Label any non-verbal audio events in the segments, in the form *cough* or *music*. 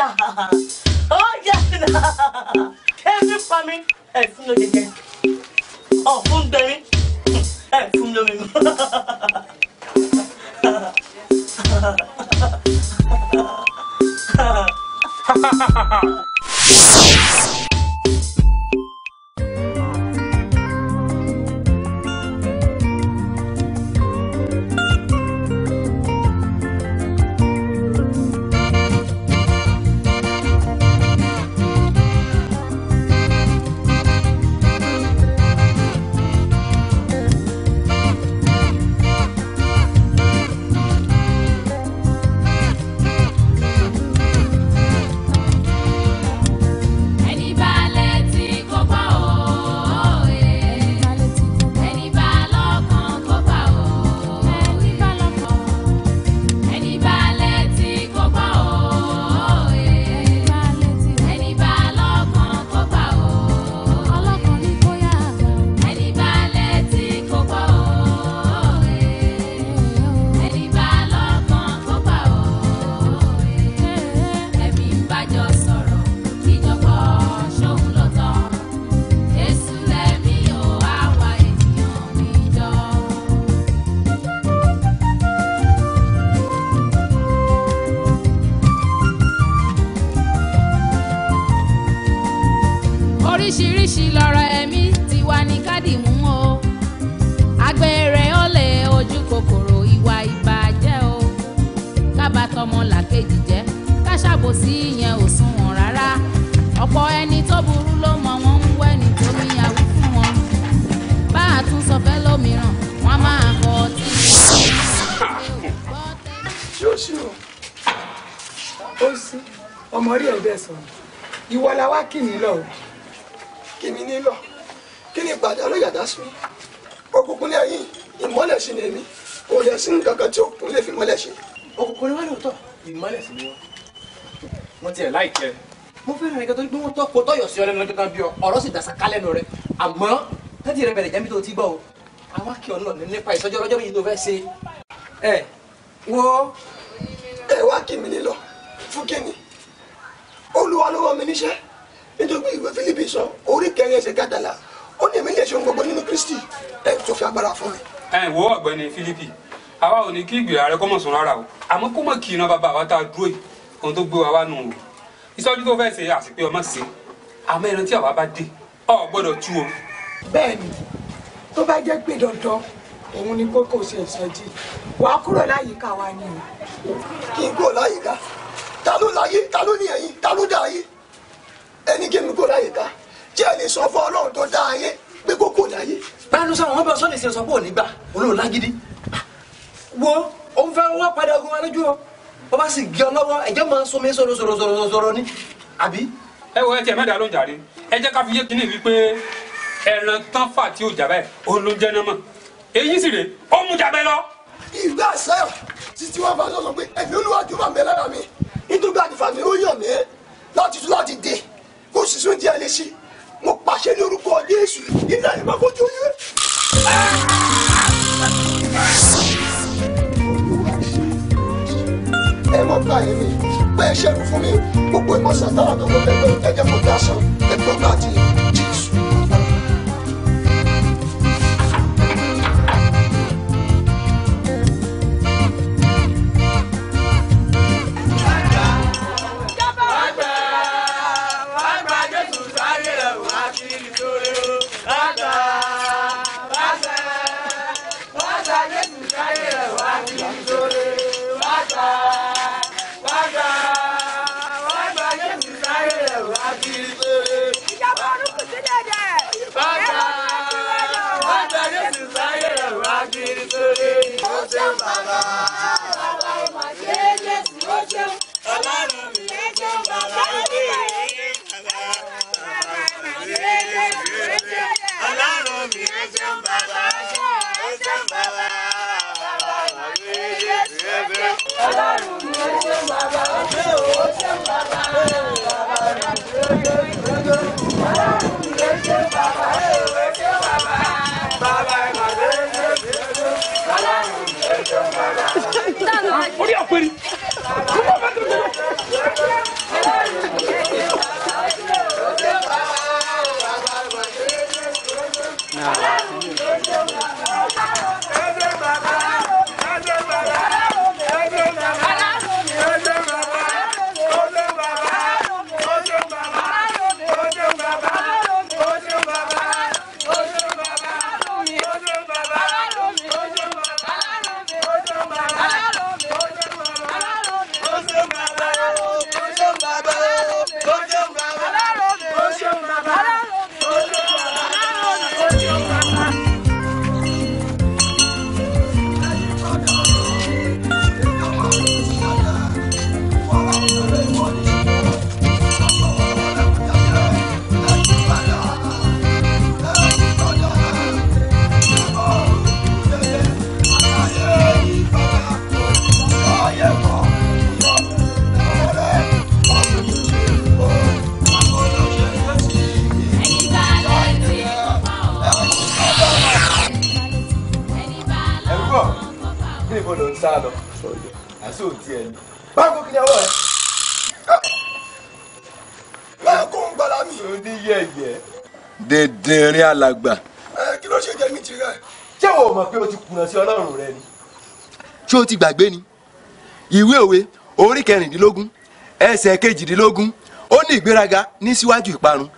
na ó yẹ na ẹbí pa mi ẹfun ló jẹjẹ ọ̀fun gbẹ mi ẹfun ló mi mú. Ha ha ha ha! oríṣiríṣi lọ́rọ̀ ẹ̀mí ti wà ní Kádìmú o agbẹ̀rẹ̀ ọ̀lẹ̀ ojú kòkòrò ìwà ìbàjẹ́ o kábàtọ́mọ làkejì jẹ́ káṣàbòsí ìyẹn ò sunwọ̀n rárá ọ̀pọ̀ ẹni tó burú ló mọ wọn ń wẹ́ni tómi àwí fún wọn bá a tún sọ fẹ́ lómìíràn wọ́n máa kọ́ ọtí. yóò o ó sí ọmọ rí ẹ bẹ́ẹ̀ sọ ìwọ la wá kì ní lọ kèmí nílọ kí ni ìpàdé ọlọ́yàdá sí mi òkùnkùn ní ayé ìmọ́lẹ̀ sí ni èmi kò lè sí nǹkan kan tí òkùnkùn lè fi mọ́lẹ̀ ṣe. òkùnkùn ni wọ́n lò tọ̀ ìmọ́lẹ̀ sí ni wọ́n wọ́n tiẹ̀ láìkẹ́ mo fẹ́ràn rẹ̀ kẹ́tọ́ pé wọ́n tọ́ kó tọ́yọ̀ sí ọ lẹ́nu lọ́jọ́ kan bí ọ ọ̀rọ̀ sì dàsà kálẹ̀ nù rẹ àmọ́ tẹ́tí rẹ bẹ̀rẹ̀ jẹ́mi tó ti gbọ́ o àwa kí ọ̀nà nípa ìtọ́jú ọlọ́jọ́ méjì tó fẹ́ ṣe ẹ wọ́n. ẹ wá kí mi níṣẹ́ nítorí pé ìwé Fílípì sọ orí kẹrin ẹsẹ̀ kẹtàlá ó ní èmi lè ṣe ohun gbogbo nínú Kristi ẹ tó fi agbára fún mi. ẹ wo ọ̀gbẹ́ni Fílípì àwa ò ní kí ìgbìyà rẹ kọmọ sùn rárá o àmọ́ kó mọ kí iná bàbá àwa tá a dúró yìí ohun tó gbé wa wá nù o ìsọjú tó fẹẹ ṣe àsìpé ọmọ sí àmọ́ ẹran tí àwa bá dé ọ gbọ́dọ̀ tú o. bẹ́ẹ̀ni tó bá jẹ́ pé dandan òun ni kókó ṣe ìsọjí wàá kúrò láyìíká wa ni o. kí n kúrò láyìíká ta ló láyé ta ní ẹ̀yìn ta dá ayé ẹni jẹ́mi kó láyé ká tí ẹ lè sọ fún ọlọ́run tó dá ayé pé kó kò láyé. báyọ̀ sọ àwọn ọmọ sọ́ọ̀lì ṣe sọ pé òní gbà olóò lágídí wo òun fẹ́ wá padà ogun alójú ọ bó bá sì gé ọ lọ́wọ́ ẹ̀jẹ̀ máa ń sọ mi sọ̀rọ̀ sọ̀rọ̀ sọ̀rọ̀ sọ̀rọ̀ ni àbí. ẹ wo ẹtì ẹ mẹ́ta ló ń jàre ẹ jẹ́ ká fi yé kínní wípé ẹran tán fà tí ò jàbá ẹ̀ òun ló ń jẹ́ náà mọ̀ èyí sì rè ó mú jàbẹ́ lọ. ìgbà sẹ́yà títí wọn fà sọ sọ pé ẹ̀mí olúwa ti wà mẹ́lára mi nítorí àti ó yàn mí láti tún láti dé kó sì sóúnjẹ alẹ́ sí mo pàṣẹ ní orúkọ Jésù iná ìmọ̀ kó tó yé. ẹ mọ báyìí mi pé ṣẹ́gun fún mi gbogbo ìmọ̀ sàtàrà tó kọ́ fẹ́ pé ẹ dá aṣọ ẹ gbọ́dọ̀ àti ìlú. bọ̀ kí ni mo lò ń sá lọ àti òtí ẹ̀ ní. báńkò kí ni ọwọ́ báńkò ń gbára mi. o ní yẹ̀yẹ̀. dèdè rin alàgbà. kí ló ṣe jẹ́ mi ti rẹ̀. ṣé o mọ̀ pé o ti kùnà sí ọlọ́run rẹ ni. ṣé o ti gbàgbé ni ìwé òwe orí kẹrìndínlógún ẹsẹ̀ kejìdínlógún ó ní ìgbéraga ní síwájú ìparun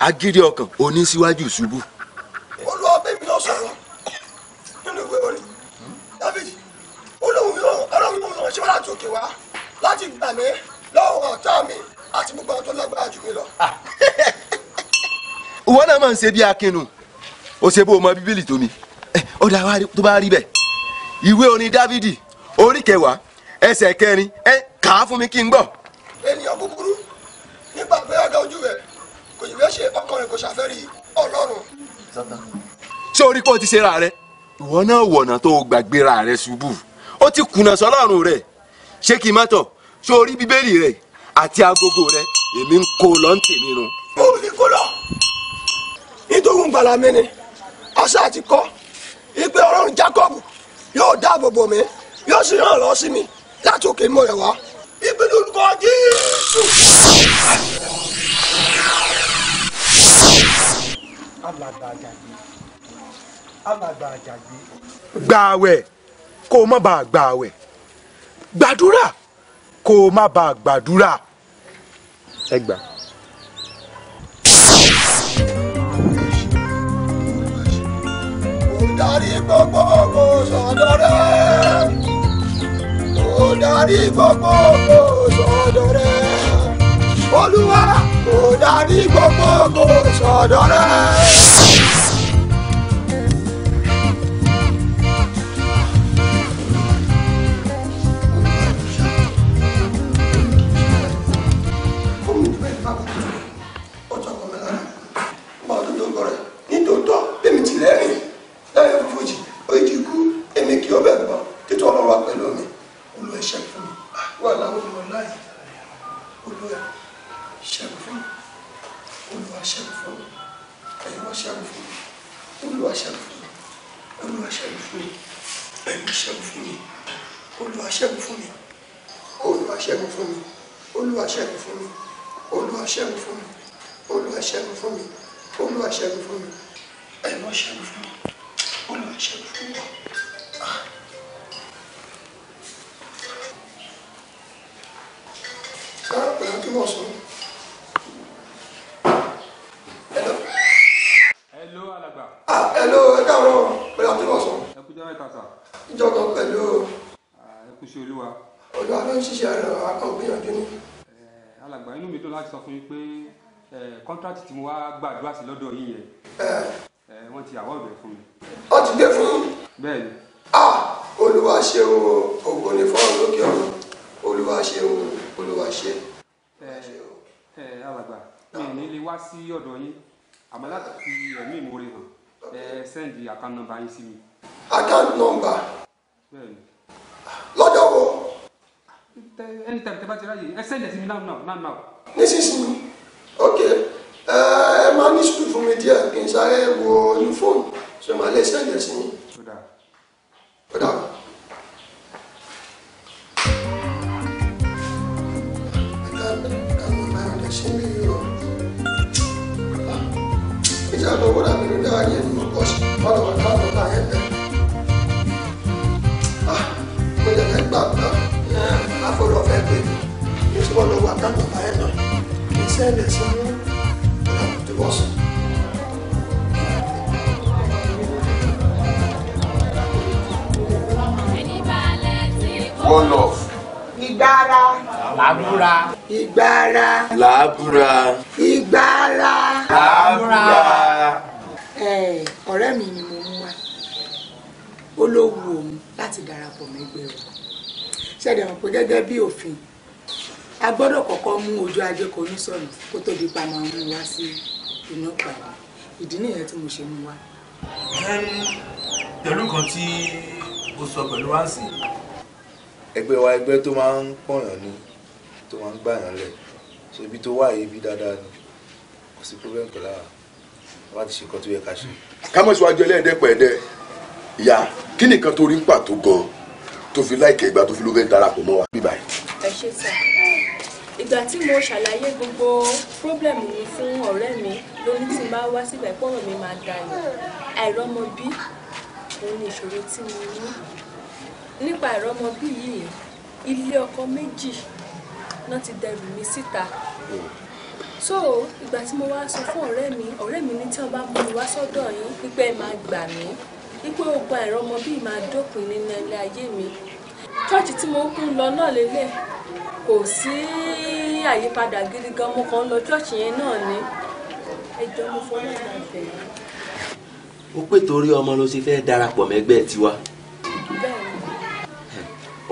agídí ọkàn onísíwájú ṣubú. olúwa bẹ́ẹ̀ mi lọ sọ̀rọ̀. lòun yóò ọlọ́run tó ń sọ ṣé wọ́n láti òkè wá láti gbà mí lọ́wọ́ ọ̀tá mi àti gbogbo àwọn tó lágbára jù mí lọ. *laughs* ìwọ náà máa ń ṣe bí akínú ó ṣe bó o mọ bíbélì tó mi ọ̀dà tó bá rí bẹ́ẹ̀ ìwé orin dávidi orí kẹwàá ẹsẹ̀ kẹrin ẹ kà á fún mi kí n gbọ́. ènìyàn búburú nígbà pé ọ̀dọ̀ ojú rẹ̀ kò yìí ṣe ọkùnrin kò ṣàfẹ́rí ọlọ́run. ṣé orí kò ti ṣe ra rẹ ìwọ náà wọ̀nà tó gbàgbéra rẹ ṣubú ó ti kùnà sọ́lọ́run rẹ̀ ṣé kí n má tọ̀ ṣó orí bíbélì rẹ̀ àti agogo rẹ̀ èmi ń kó lọ́n tèmi nu. mo fi kó lọ nítorí gbàlà mi ni àṣà ti kọ́ ìpè ọlọ́run Jacob yóò dáàbò bò mí yóò sì ràn lọ sí mi láti òkè mọ́ rẹ̀ wá. ìpè lórúkọ Jésù. alàgbà àjàgbé alàgbà àjàgbé. gbààwẹ̀ kó o má bàa gbà àwẹ̀ gbàdúrà kó o má bàa gbàdúrà. ẹ gbà. olùdarí gbogbo kò sọ̀dọ̀ rẹ̀ olùdarí gbogbo kò sọ̀dọ̀ rẹ̀ olúwa olùdarí gbogbo kò sọ̀dọ̀ rẹ̀. yín yẹn ẹ wọ́n ti àwọ̀ ọ̀bẹ fún mi. ó ti dé fún un. bẹ́ẹ̀ni. a olúwa ṣeun ògo ni fún ọ̀run lókè ọ̀run olúwa ṣeun olúwa ṣe. ẹ ẹ alàgbà mi ní lè wá sí ọ̀dọ̀ yín àmọ́ láti fi ẹ̀mí ìmoore hàn ẹ sẹ́ndì àkáǹtì nọ́mbà yín sí mi. àkáǹtì nọ́mbà. bẹ́ẹ̀ni. lọ́dọ̀ wo. ẹni tẹ̀tẹ̀ bá ti ráyè ẹ sẹ́ndì sí mi náà náà náà. nísinsìnyí ní sùúrù fún mi díẹ̀ kí n sáré wo inú fóònù ṣe máa lè ṣẹ̀jẹ̀ sí yín. ó dà ó. ìjàdọ̀ wọ́n dàbí ló dára yẹn nínú ọ̀sẹ̀ ọ̀dọ̀ wà láwọn ọ̀la yẹn bẹ̀. Ah, mo jẹ́ eh, fẹ́ gbà gbà láfọlọ́fẹ́ pé mi gospel. One love. Ìgbára. Làbúra. Ìgbára. Làbúra. Ìgbára. Làbúra. Ọ̀rẹ́ mi ni mo mú wá. Ó ló wu òun láti darapọ̀ mẹ́gbẹ́ wa. Ṣẹ̀dẹ̀ mọ̀ pé gẹ́gẹ́ bí òfin, a gbọ́dọ̀ kọ́kọ́ mú ojú ajé kò ní sọ̀nù kó tó di pa máa ń wá sí i inú pàdé ìdí nìyẹn tí mo ṣe mú wá. pẹ̀lú nǹkan tí o sọ pẹ̀lú wáǹsì. ẹgbẹ́ wa ẹgbẹ́ tó máa ń pọ̀yàn ni tó máa ń gbàyàn lẹ̀ so ibi tó wà yìí bí dáadáa ni kò sí problem pẹ̀lú àwọn bá ti ṣe nǹkan tó yẹ ká ṣe. ká mọ̀ síwájú ẹlẹ́ẹ̀dẹ́pẹ̀ẹ́dẹ́ ìyá kí nìkan tó rí ń pàtó gan-an tó fi láìkẹ́ ìgbà tó fi ló fẹ́ darapọ̀ mọ́ wa. ẹ ṣe sá ìgbà tí mo ṣàlàyé gbogbo problem mi fún ọ̀rẹ́ mi lórí tí bá wá síbẹ̀ pọ̀rọ̀ mi máa dayọ̀ àìrọ́mọbí òun ni ìṣòro tí mo ní nípa àìrọ́mọbí yìí ilé ọkọ méjì náà ti dẹrù mi síta so ìgbà tí mo wá sọ fún ọ̀rẹ́ mi ọ̀rẹ́ mi ní tí wọ́n bá mú mi wá sọ́dọ̀ yín pípẹ́ máa gbà mí wípé ogun àìrọ́mọbí máa dópin nínú ilé ayé mi ṣọ́ọ̀ṣì tí mo ń kún lọ náà lélẹ̀ kò sí àyípadà gidi gan mo kàn ń lọ ṣọ́ọ̀ṣì yẹn náà ni ẹjọ́ mo fọ́ náà dàbẹ̀. ó pè torí ọmọ ló ṣe fẹ́ darapọ̀ mẹ́gbẹ́ tiwa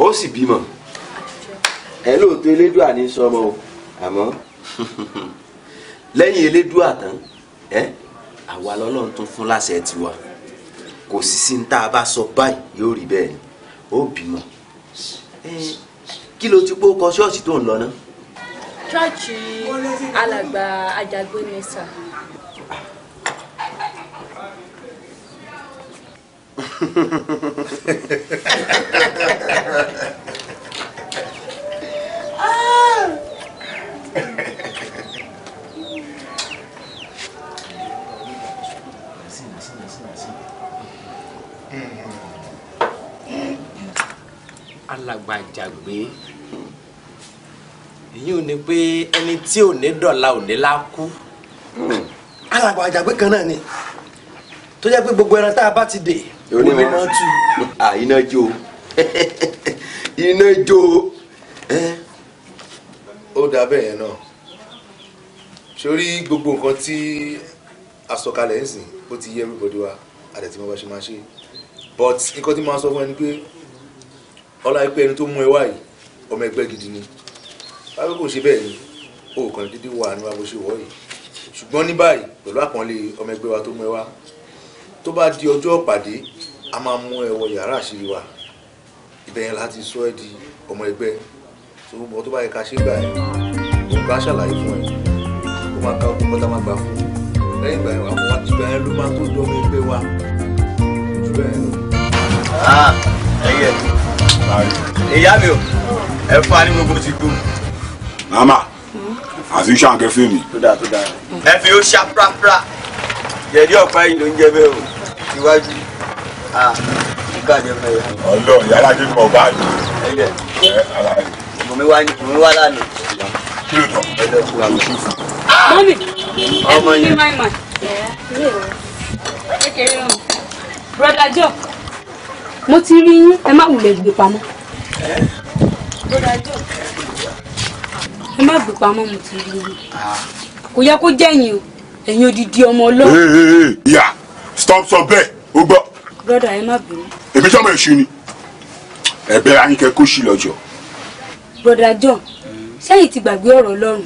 ó sì bímọ ẹ lóòótọ́ elédùà ní sọmọ o àmọ́ lẹ́yìn elédùà tán àwa lọ́lọ́run tún fún láṣẹ tiwa kò sì sí ní tá a bá sọ báyìí yóò rí bẹ́ẹ̀ ó bímọ kí ló ti pọ́ kọ ṣọ́ọ̀ṣì tó ń lọ náà. ṣọ́ọ̀ṣì alàgbà àjàgbé ni sà. ah alàgbà Jàgbé èyí ò ní pé ẹni tí ò ní dọ̀la ò ní la kú. alàgbà kan náà ni tó jẹ́ pé gbogbo ẹran tá a bá ti dè oní mi náà tù. iná jó *laughs* iná jó ó dà bẹ́ẹ̀ náà sórí gbogbo nǹkan tí àsọkalẹ̀ ń sìn ó ti yé everybody wa àdẹ̀tí mo bá ṣe máa ṣe but nǹkan tí mo máa sọ fún ẹni pé ọlá pé ẹni tó mú ẹ wá yìí ọmọ ẹgbẹ́ gidi ni báwo kò ṣe bẹ́ẹ̀ ni o kàn dídí wà ní wa bó ṣe wọ̀ yìí ṣùgbọ́n ní báyìí pẹ̀lú àpọ́nlé ọmọ ẹgbẹ́ wa tó mú ẹ wá tó bá di ọjọ́ ìpàdé a máa mú ẹ wọ yàrá àṣírí wa ibẹ̀ yẹn láti sọ ẹ di ọmọ ẹgbẹ́ tó gbogbo tó bá yẹ ká ṣe gbà ẹ òun bá ṣàlàyé fún ẹ kó máa ká ọkọ tá máa gbà fún lẹ́yìn ìgbà yẹn ìyá mi o ẹ fún wa ní gbogbo ti kú. màmá àti iṣẹ́ àǹkẹ́ fún mi. tó dáa tó dáa ẹ fi ó ṣá prapra jẹ̀dí ọ̀pá yìí ló ń jẹ bẹ́ẹ̀ o síwájú nígbà jẹ fẹ́ yà. ọlọ yàrá kí n mọ bá mi. ẹyẹ mo mi wá ní mo mi wá lánàá. kí ló tọ. ẹ lọ sí wa mi. mọ́mí ẹ fún mi máa ń ẹ kéré o broda joe mo ti rí yín ẹ má wulẹ̀ gbé pamọ́. ẹ má gbé pamọ́ mo ti rí yín kò yẹ kó jẹ́ yín o ẹ̀yin odidi ọmọ ọlọ́run. ìyá stop sọ bẹ́ẹ̀ o gbọ́. broda ẹ má bínú. èmi sọmọ èṣù ni ẹ̀bẹ̀ àyìnkẹ́ kó sí lọ́jọ́. broda john sẹ́yìn ti gbàgbé ọ̀rọ̀ ọlọ́run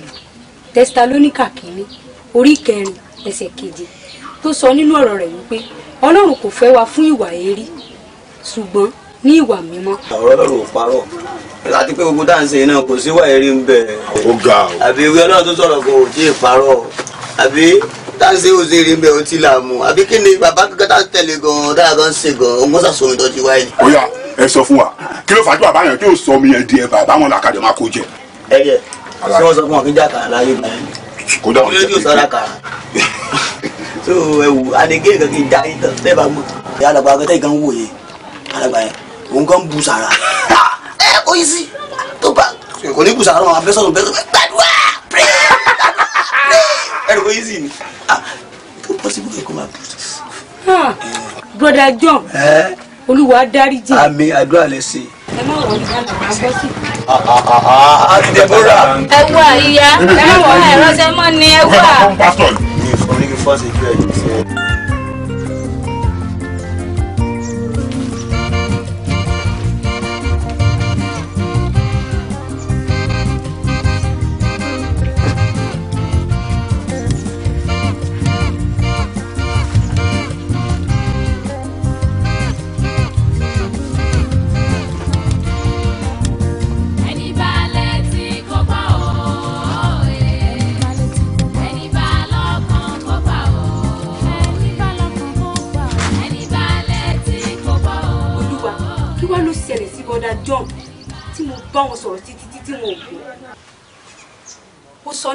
tẹsitálóníkà kínní orí kẹrin ẹsẹ̀ keje tó sọ nínú ọ̀rọ̀ rẹ̀ wípé ọlọ́run kò fẹ́ wa fún ìwà èérí ṣùgbọ́n ní ìwà mímọ́. ọ̀rọ̀ lọ́rùn ò parọ́ láti pé gbogbo dáǹsì yìí náà kò sí wà eré ń bẹ̀. ó ga o. àbí ewé ọlọ́run tó sọ̀rọ̀ kò tí ì parọ́ àbí dáǹsì ò sí eré ń bẹ̀ ó ti là mú àbí kí ni bàbá kankan tá a tẹ̀lé gan-an dára gan ṣe gan-an ó mọ́sà sómi tó ti wáyé. ó yá ẹ sọ fún wa kí ló fà á tí bàbá yẹn tí ò sọ mi yẹn di ẹ bàbá wọn làkàdé máa kó jẹ. ẹ jẹ ṣé wọn sọ fún wọn kí jàkàrà láyé *laughs* n dá ìtàn tẹ́ alàgbà yẹn òun kan bu sàrà ẹ o yìí sí tó bá kò ní bu sàrà lọ́wọ́ abẹ́sọ̀rọ̀ bẹ́sọ̀rọ̀ gbàdúrà ẹ̀rọ o yìí sí ni tó pọ̀ sí bùkẹ́ kó máa bu. broda John olúwa dáríjì. àmì àdúrà lè ṣe. ẹ má wọ ìyá màmá gbọ́ sí. àti ah, ah, ah, debora. ẹ wá ìyá ẹ wá ẹ rọ́ṣẹ́ mọ́ ni ẹ wá. ẹ máa fún pásítọ̀ ní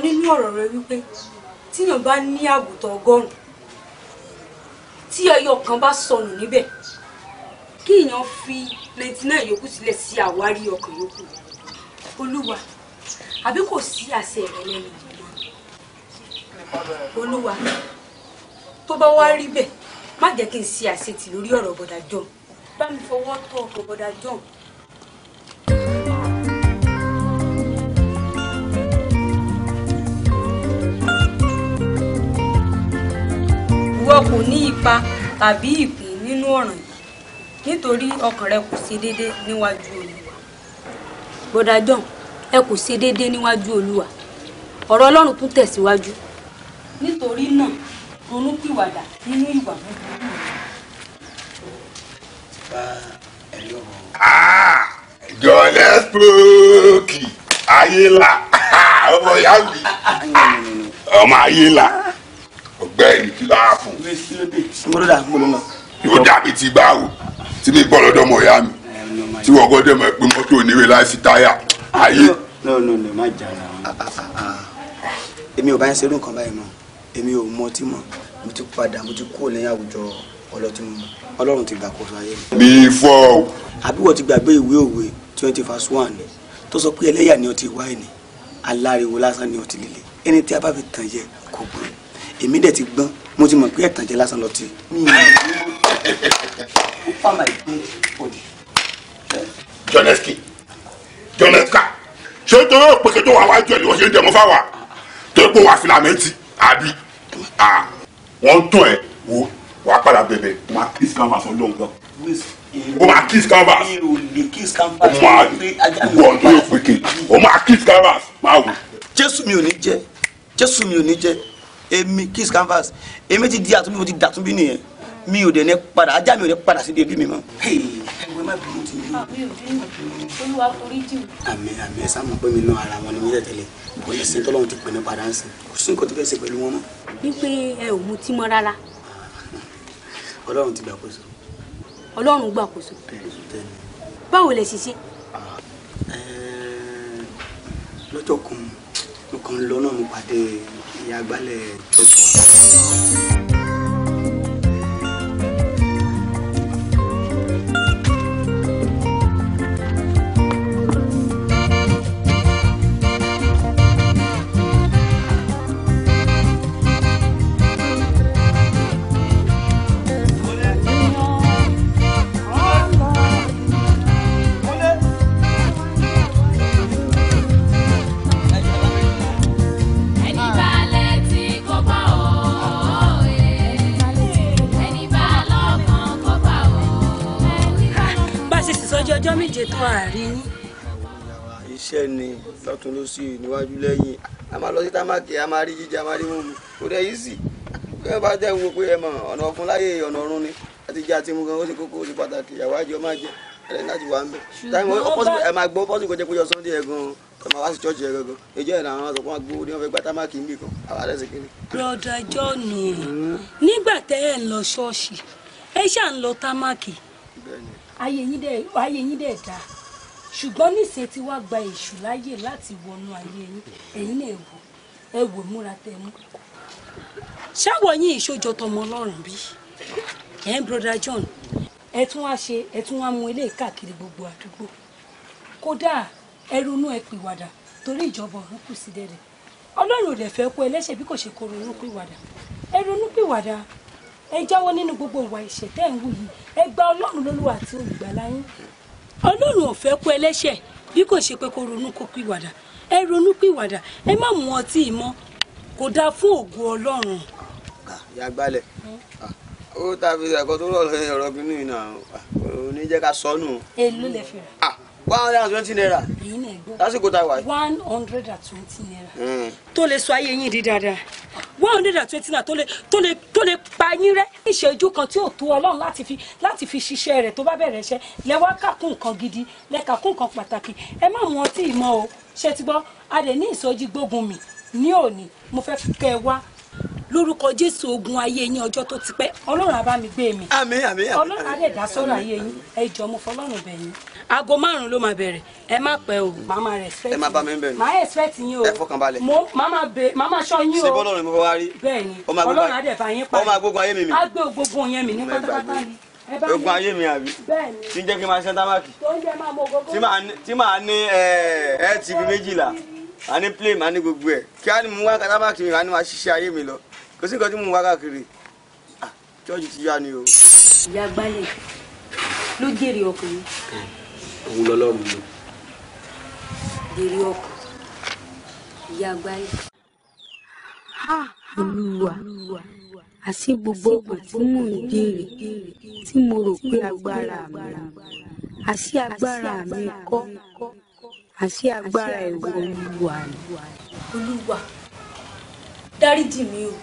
nínú ọ̀rọ̀ rẹ wípé tíyàn bá ní àgùntàn ọgọ́rùn-ún tí ẹyọ kan bá sọnù níbẹ̀ kí èèyàn fi ninety nine yòókù sílẹ̀ sí àwárí ọkàn yòókù olúwa àbí kò sí àṣẹ rẹ lẹ́nu olúwa tó bá wá rí bẹ́ẹ̀ má jẹ́ kí n ṣe àṣetì lórí ọ̀rọ̀ bọ̀dà john bá mi fọwọ́ tọ́ ọkọ̀ bọ̀dà john ìwọ kò ní ipa tàbí ìpín nínú ọ̀ràn yìí nítorí ọkàn rẹ kò ṣe déédé níwájú olúwa bọ́dà ẹ kò ṣe déédé níwájú olúwa ọ̀rọ̀ ọlọ́run tún tẹ̀síwájú nítorí náà ronúpìwàdà nínú ìwà búburú ah! spooky ayé la *laughs* ọmọ *laughs* ọmọ ayé la ọ̀gbẹ́ni kí ló á fún. yóò dàbí ti báwo tí mi gbọ́ lọ́dọ̀ mọ̀ ìyá mi tí wọ́n gbọ́dọ̀ mọ̀ pé mọ́tò oníwèé láìsí táyà ayé. Ah, ah, ah, èmi ò bá ń ṣerú nǹkan báyìí mọ́ èmi ò mọ tí mọ̀ mo ti padà mo ti kúrò lẹ́yìn àwùjọ ọlọ́tí mu ọlọ́run ti gbàkóso ayé mi. mi fọ́ o. àbí wọ́n ti gbàgbé ìwé òwe twenty verse one tó sọ pé ẹlẹ́yà ni ọtí wáìnì aláriwo lásán ni ọtí líle ẹni tí a bá fi tàn yẹ kò gbọ́n èmi dẹ̀ ti gbọ́n mo ti mọ̀ pé ẹ̀tàn jẹ́ lásán lọ́tì. jọnẹsiki jọnẹsika ṣé torí òpèkè tó wà wájú ẹ ni wọ́n ṣe ń dẹ̀mọ́ fáwa tó kó wà filamẹ́ntì àbí wọ́n ń tún ẹ wo wà á padà bẹ̀bẹ̀ wọ́n á kí sàn sọ lóhùn gan eh, o ma kiss canvas o ma gbọ́ ọdún yóò pété o ma kiss canvas máa wò. jésù mi ò ní jẹ jésù mi ò ní jẹ èmi kiss canvas èmi ti di àtúnbí mo ti dàtúnbí nìyẹn mi ò dẹ̀ ní padà ajá mi ò dẹ̀ padà sí débi mi mọ́. ẹgbẹ́ má bínú ti ah, yín. olúwa forí jù. àmín àmín ẹ̀sán mọ̀ pé mi náà ara wọn ni mi tẹ̀lé kò lè sin tọ́lọ́run ti pè mí padà ń kò sí nǹkan tó fẹ́ ṣe pẹ̀lú wọn mọ́. wípé ẹ ò mutí mọ́ rárá. ọlọ́run ti gbàkóso. ọlọ́run gbàkóso. báwo lẹ ṣiṣẹ́. Ah, eh, lọ́jọ́ kan mo kàn ń lọ náà mo pàdé ìyá agbálẹ̀ tó ló sí níwájú lẹ́yìn a máa lọ sí támákì a máa rí jíjẹ a máa rí mímu kò dẹ̀ yìí sì kí wọ́n bá jẹ́ gbogbo pé ẹ mọ̀ ọ̀nà ọ̀fun láyé ọ̀nà ọ̀run ni àti jẹ́ àti mú gan ó sì kókó ó pàtàkì ìyàwó àjọ máa jẹ ẹ̀rẹ́ láti wà ń ẹ máa gbọ́ pọ́sìkò jẹ́ pé sunday ẹ̀ gan-an tọ́mọ wá sí chọ́ọ̀chì ẹ̀ gangan ìjọ ìrìn àwọn ọ̀sán fún agbó ni wọ́n fẹ́ gbá támákì ń bì kan àwọn alẹ́ sì kiri. broda john hmm. nígbà tẹ́ ẹ̀ ń lọ ṣọ́ọ̀ṣì ẹ ṣáà ń lọ támákì ayé yín dẹ̀ dá ṣùgbọ́n níṣẹ́ tí wàá gba èṣù láyè láti wọnú ayé yín ẹ̀yin náà wò ẹ wò múra tẹ ṣáwọ yín ìṣòjọ tọmọ ọlọ́run bí ẹ ń broda John ẹ tún wá ṣe ẹ tún wá mú ilé káàkiri gbogbo àdúgbò kódà ẹ ronú ẹ pìwàdà torí ìjọba ọ̀run kù sí dẹ́rẹ́ ọlọ́run ò dẹ̀ fẹ́ kó ẹlẹ́ṣẹ̀ bí kò ṣe kó ronú pìwàdà ẹ ronú pìwàdà ẹ jáwọ́ nínú gbogbo ìwà ìṣẹ̀tẹ́ ń wù yìí ẹ gba ọlọ́run lólúwa àti olùgbàlà yín ọlọ́run ò fẹ́ kú ẹlẹ́ṣẹ̀ bí kò ṣe pé kó ronú kó pìwàdà ẹ ronú pìwàdà ẹ má mu ọtí mọ́ kò dáa fún ògo ọlọ́run. ìyá gbalẹ̀ ó tàbí ẹ̀kọ́ tó rọ̀ lọ́yìn ọ̀rọ̀ bínú yìí náà oníjẹ́ ká sọnù. èlò lè fi rà one hundred and twenty naira lásìkò tá a wà yìí. one hundred and twenty naira. Hmm. tó lè sọ ayé yín di dáadáa one hundred and twenty naira tó lè tó lè tó lè pa yín rẹ́. ìṣẹ́jú kan tí ò tó ọlọ́run láti fi láti fi ṣiṣẹ́ rẹ̀ tó bá bẹ̀rẹ̀ iṣẹ́ lẹ́wọ́ kàkún nǹkan gidi lẹ́kàkún nǹkan pàtàkì ẹ má mu ọtí ìmọ̀ o ṣe ti gbọ́ a lè ní ìsọjí gbógun mi ní òní mo fẹ́ kẹ́ ẹ wá lórúkọ jésù ogun ayé yín ọjọ́ tó ti pẹ́ ọlọ́run á bá mi gbé mi àmín àmín àmín dá sọ́rọ̀ ayé yín ẹ jọ mo fọlọ́run bẹ̀ yín aago márùn-ún ló máa bẹ̀rẹ̀ ẹ má pẹ́ o màá máa respect yín ẹ má bá mi bẹ̀rẹ̀ màá respect yín o ẹ fọkàn balẹ̀ mo màá máa ṣọ́ yín o ṣe bọ́lọ́run mo fẹ́ wá rí bẹ́ẹ̀ ni ọlọ́run á dẹ̀ bá yín parí ọmọ agbógun ayé mi mi á gbé ògbógun yẹn mi ní pátápátá ni ogun ayé mi àbí tí ń jẹ́ kí n máa ṣe támákì tí màá ní ẹ́ẹ̀ a ní plane a ní gbogbo ẹ̀ kí á ní mú wá kátàbà kiri a ní máa ṣiṣẹ́ ayé mi lọ kò sí nǹkan tí mò ń wá káàkiri ah chọ́ọ̀jù ti yá ni o. ìyá gbálẹ̀ ló jèrè ọkùnrin. òun lọlọ́run ló. jèrè ọkùn ìyá gbálẹ̀. olúwa àṣé gbogbo ọgbà tí mò ń jèrè tí mo rò pé agbára mi àṣé agbára mi kọ́ àti agbára ìwọ olúwa. olúwa dáríjì mi o.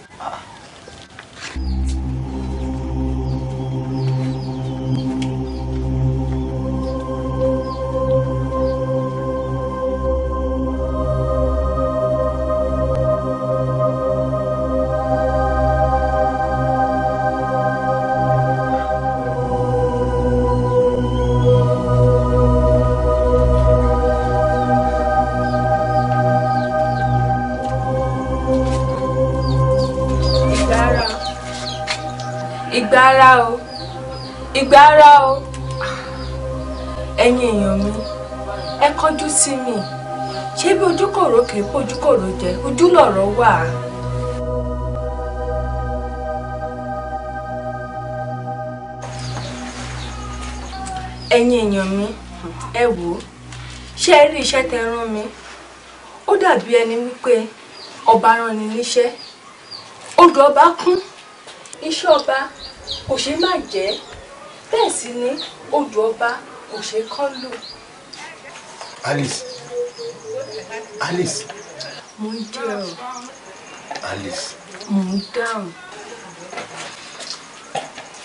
gbà ara o ẹ̀yin èèyàn mi ẹ kọjú sí mi ṣé bí ojúkòrò kì í pojúkòrò jẹ ojú lọ̀rọ̀ wà á. ẹ̀yin èèyàn mi ẹ wò ó ṣé ẹ rí iṣẹ́ tẹ́ rán mi ó dàbí ẹni wípé ọba rán ni níṣẹ́ odò ọba kún iṣẹ́ ọba kò ṣeé má jẹ́ sì ní odò ọba kò ṣe kán lò. Alice Alice. mo ń jẹ ọ. Alice. mo ń dáhùn.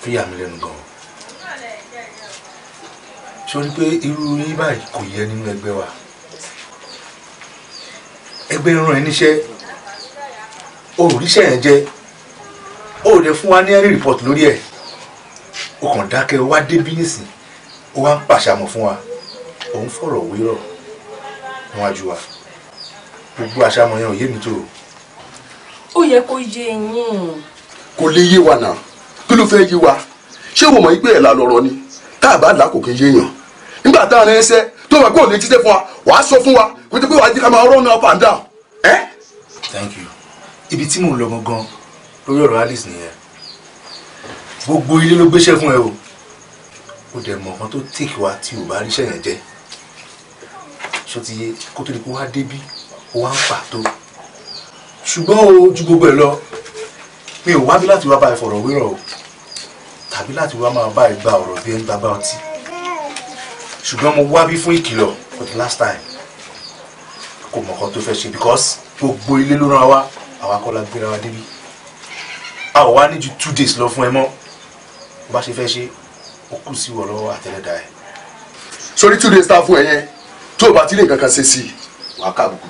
fíyà mi lẹ́nu gan-an sori pé irú yín báyìí kò yẹ nínú ẹgbẹ́ wa ẹgbẹ́ ràn ẹ́ níṣẹ́ òrìṣẹ́ yẹn jẹ́ ó lè fún wa ní ẹ̀rí rìpọ̀tù lórí ẹ̀ dákẹ́ ó wá débí nísìn ó wá ń pàṣàmọ̀ fún wa òun fọ̀rọ̀ wérọ̀ wọn ajú wa gbogbo àṣàmọ̀ yẹn ò yé mi tó. ó yẹ kó yé yín. kò lè yé wa náà kí ló fẹ́ yé wa ṣé mo mọ̀ yí pé ẹ̀ la lọ̀rọ̀ ni tá a bá là kò kí n yéèyàn nígbà tá a rẹ ẹsẹ tó wà pé lè jíṣẹ́ fún wa wàá sọ fún wa kò tó pé wàá jíkà máa rọ́ọ̀nù up and down. Eh? thank you ibi tí mò ń lọ gangan lórí ọ̀rọ̀ alice nìyẹn gbogbo ilé ló gbéṣẹ́ fún ẹ o ó dẹ̀ mọ̀ kan tó tèkì wá tí ò bá ríṣẹ́ yẹn jẹ́ ṣó ti yé kó tó di kó wá débí ó wá ń pàtó ṣùgbọ́n o ju gbogbo ẹ̀ lọ mi ò wá bí láti wá bá ẹ fọ̀rọ̀ wérọ̀ o tàbí láti wá máa bá ẹ gba ọ̀rọ̀ bí ẹ ń gbàgbà ọtí ṣùgbọ́n mo wá bí fún ìkìlọ̀ for the last time kò mọ̀ kan tó fẹ́ ṣe because gbogbo ilé ló ràn wá àwa kọ́ la gbéra wa débi a ò wá ní ju two days lọ fún ẹ mọ́ bó bá ṣe fẹ́ ṣe ó kù sí wọ lọ́wọ́ àtẹlẹ́dàá ẹ̀. sórí two days tá a fún ẹ yẹn tó o bá ti lè kankan ṣe sí i wàá kàbùkù.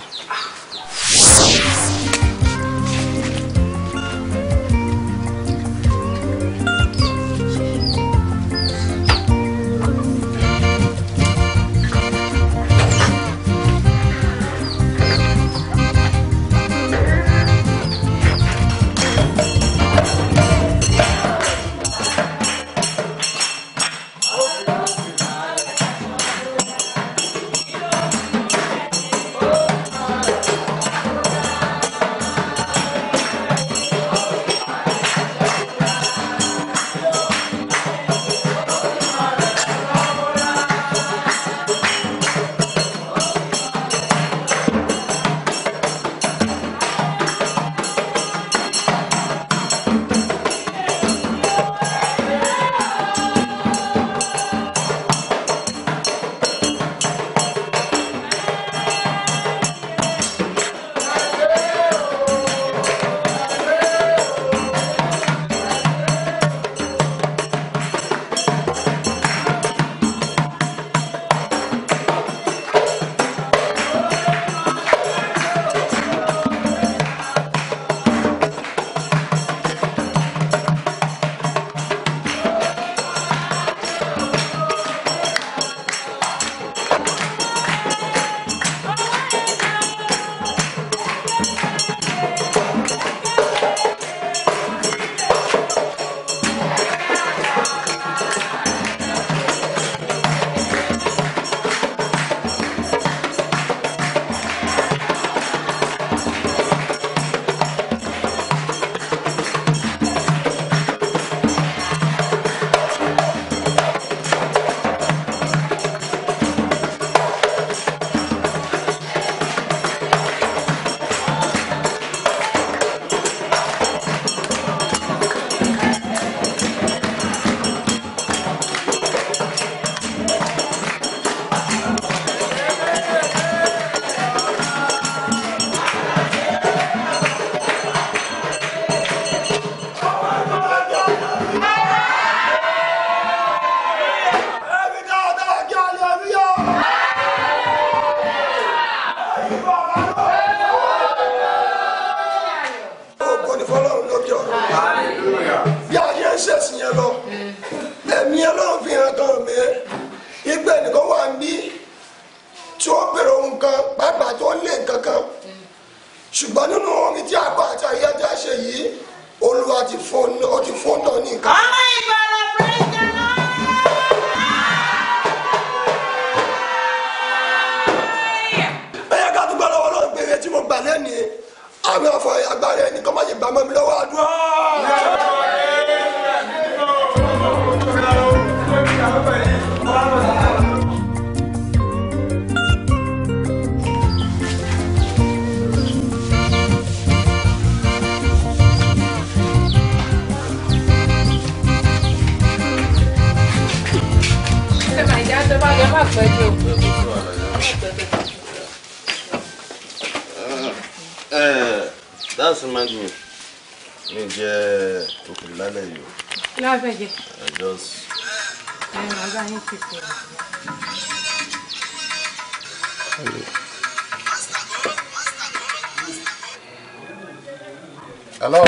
Hello.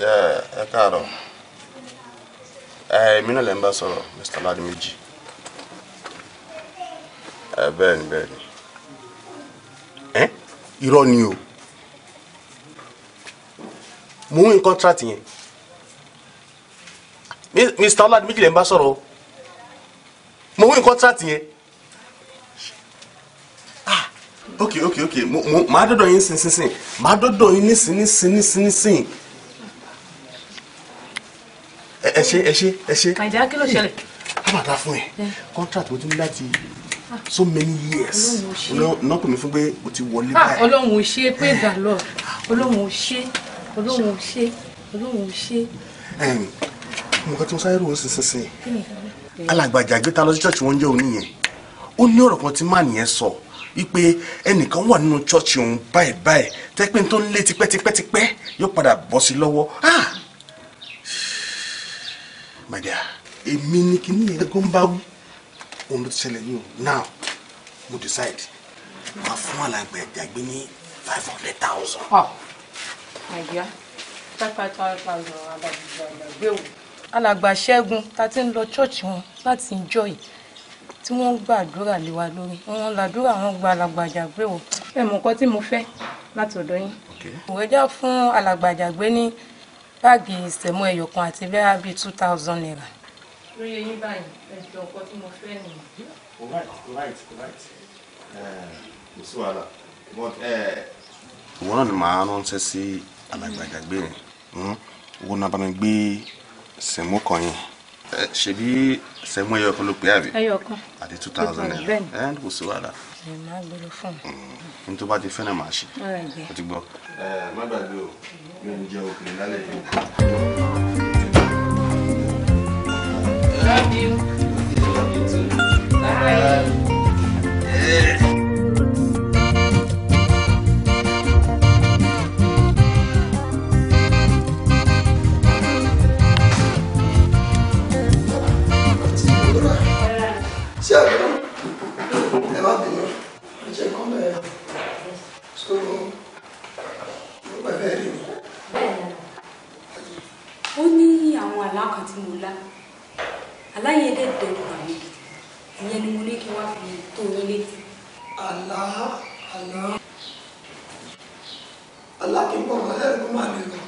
Yeah, ẹ káàárọ̀. Eh, èmi náà lẹ ń bá sọ̀rọ̀, Mr. Ládìméjì. Ẹ eh, bẹ́ẹ̀ ni bẹ́ẹ̀ ni. Ẹ́ eh? irọ́ ni o. Mo ń contract yẹn. Mr. Ládìméjì lẹ ń bá mo wí contract yẹn ah ok ok ok mo mo màá dọ́dọ̀ yín nísinsìnyí màá dọ́dọ̀ yín nísinsìnyí ẹ ṣe ẹ ṣe ẹ ṣe. kàìdá kí ló ṣẹlẹ̀. a máa dá fún ẹ contract mo ti ní láti ah. so many years náà pè mí fún pé o ti wọlé ah, báyìí. ọlọ́run ò ṣe pé ìgbà lọ ọlọ́run ò ṣe ọlọ́run ò ṣe ọlọ́run ò ṣe. nǹkan tí mo sáré rò ó sísinsin Eh. alàgbàjà gbé ta lọ sí ṣọ́ọ̀ṣì wọn jẹ́ òní yẹn ó ní ọ̀rọ̀ kan tí má nìyẹn sọ wípé ẹnìkan wà nínú ṣọ́ọ̀ṣì òun báyìí báyìí tẹ́pẹ́ tó ń lé tipẹ́tipẹ́tipẹ́ yóò padà bọ́ sí lọ́wọ́ ah *sighs* my dear èmi ni kí ni yẹn kó ń bá wí òun ló ti ṣẹlẹ̀ yìí o now mo decide wà fún alàgbàjà gbé ní five hundred thousand. ọ̀ ah! àyà five hundred thousand abàjẹ́ gbé wò alàgbà ṣẹ́gun ta ti ń lọ ṣọ́ọ̀ṣì wọn láti ìjọ yìí tí wọ́n ń gbàdúrà lé wa lórí wọn làdúrà wọn gba alàgbà àjàgbé o ẹ mọ̀ nǹkan tí mo fẹ́ láti ọ̀dọ̀ yín òwéjà fún alàgbà àjàgbé ní báàgì ìsẹ̀mú ẹyọkan àti bẹ́ẹ̀ bíi two thousand naira. lóye yín báyìí ẹ̀jọ̀ ọkọ tí mo fẹ́ nìyẹn. right right right eh, kò sí wàhálà but eh, wọn náà ni màá ránṣẹ́ sí alàgbà àjàgbé hmm? o wọn náà bá mi gbé sẹ̀mú kan yẹn ṣebí sẹ̀mú ẹyọ kan ló pé àbí ẹyọ kan àti two thousand naira ẹ̀ ń kò sí wàhálà máa gbèrò fún un. Mm. n tó bá ti fẹ́ràn máa ṣe o ti gbọ́. má gbàgbé o mi ò jẹ òkè lálẹ́ yìí. Love you. Love you too. Bye. Bye. àlá kan tí mo lá àlá yẹn dẹ̀ dẹ̀rù bà mí gidi ìyẹn ni mo ní kí wá fi tó yín létí. àlá àlá àlá kì í bọ̀ wọ́n lẹ́rù kó máa lè lọ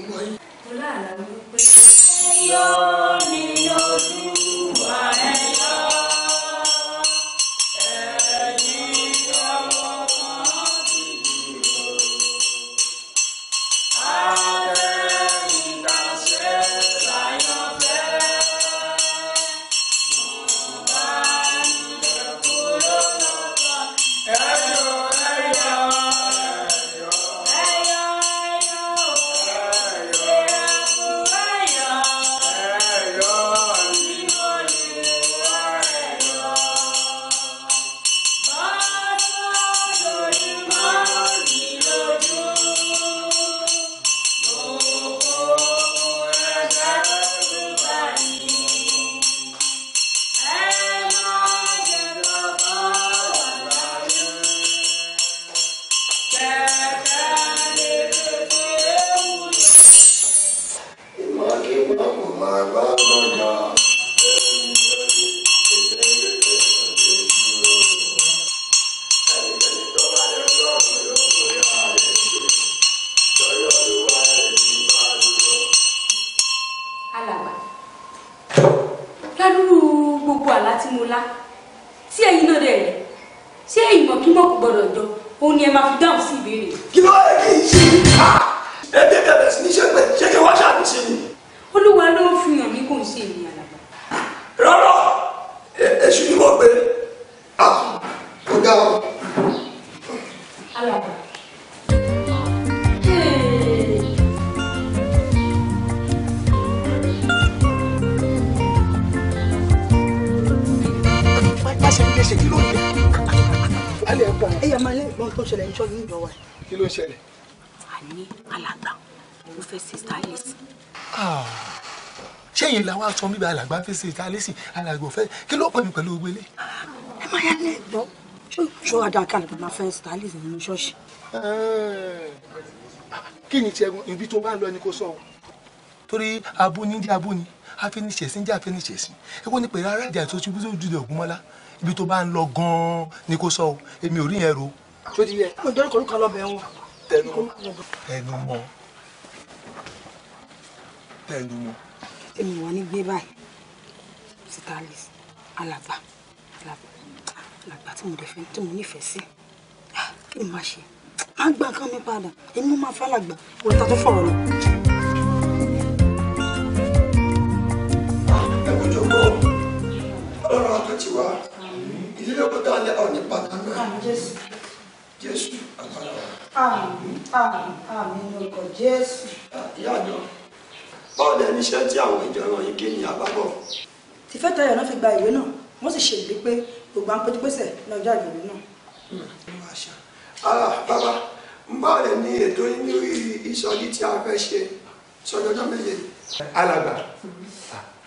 ń wọ yín. mo lá àlá wípé. ẹyọ ni ojú wa ẹyọ. lè ṣe kí ló ń jẹ alẹ́ ẹ̀ pa ẹ̀ yà máa lẹ́gbọ́n tó ṣẹlẹ̀ ní ṣọ́ọ̀bù kí ló ń ṣẹlẹ̀. a ní alàgbà ó fẹ́ sí stylist. Ah, ṣé èyí làwọn aṣọ bíbẹ alàgbà fẹ́ sí stylist alàgbà ò fẹ́ kí ló pẹ̀lú pẹ̀lú gbélé. ẹ máa yà lẹ́gbọ́n ṣó adaka lè máa fẹ́ stylist nínú ṣọ́ọ̀ṣì. Eh, kí ni tiẹ̀ ibi tó bá lọ ni kò sọ o torí abúni jẹ́ abúni afiniṣẹ̀sìn jẹ́ afiniṣẹ̀sìn ẹ kò ní pẹ̀lú aráàlú àti oṣù bíi ojú ògúnmọ́lá ibi tó bá ń lọ gan-an ni kò sọ o èmi ò rí yẹn ro. tó ti yẹ mo dọ́rọ̀ kọ́lùkọ́ lọ́bẹ̀ wọn. tẹnu mọ́ tẹnu mọ́ tẹnu mọ́. èmi wọn ní gbé báyìí sitalis alàgbà alàgbà tí mo dẹ̀ fẹ́ tí mo nífẹ̀ẹ́ sí ah, kí ni màá ṣe má gbà kán mi padà èmi máa fàlàgbà wọ́n ta tó fọ̀rọ̀ lọ. ẹ kò jọ bọ́ ọ̀rọ̀ àkàtì wa ìdílé kó tá a lẹ ọ̀ní pàtàkì náà jésù àpàlà wa. àmín àmín àmín lórúkọ jésù. ìyá àjọ báwo lẹ níṣẹ́ tí àwọn ìjọ ìran yìí gé ní àbábọ̀. tìfẹ́tayọ̀ náà fi gba ìwé náà wọ́n sì ṣèlérí pé gbogbo àwọn pẹ́tipẹ́sẹ̀ lọ́jọ́ àjọ̀dún náà. Hmm, ara ah, bàbá báwo lẹ ní ètò inú ìsọjí tí a fẹ́ ṣe sọjọ́jọ́ méje. alàgbà hmm.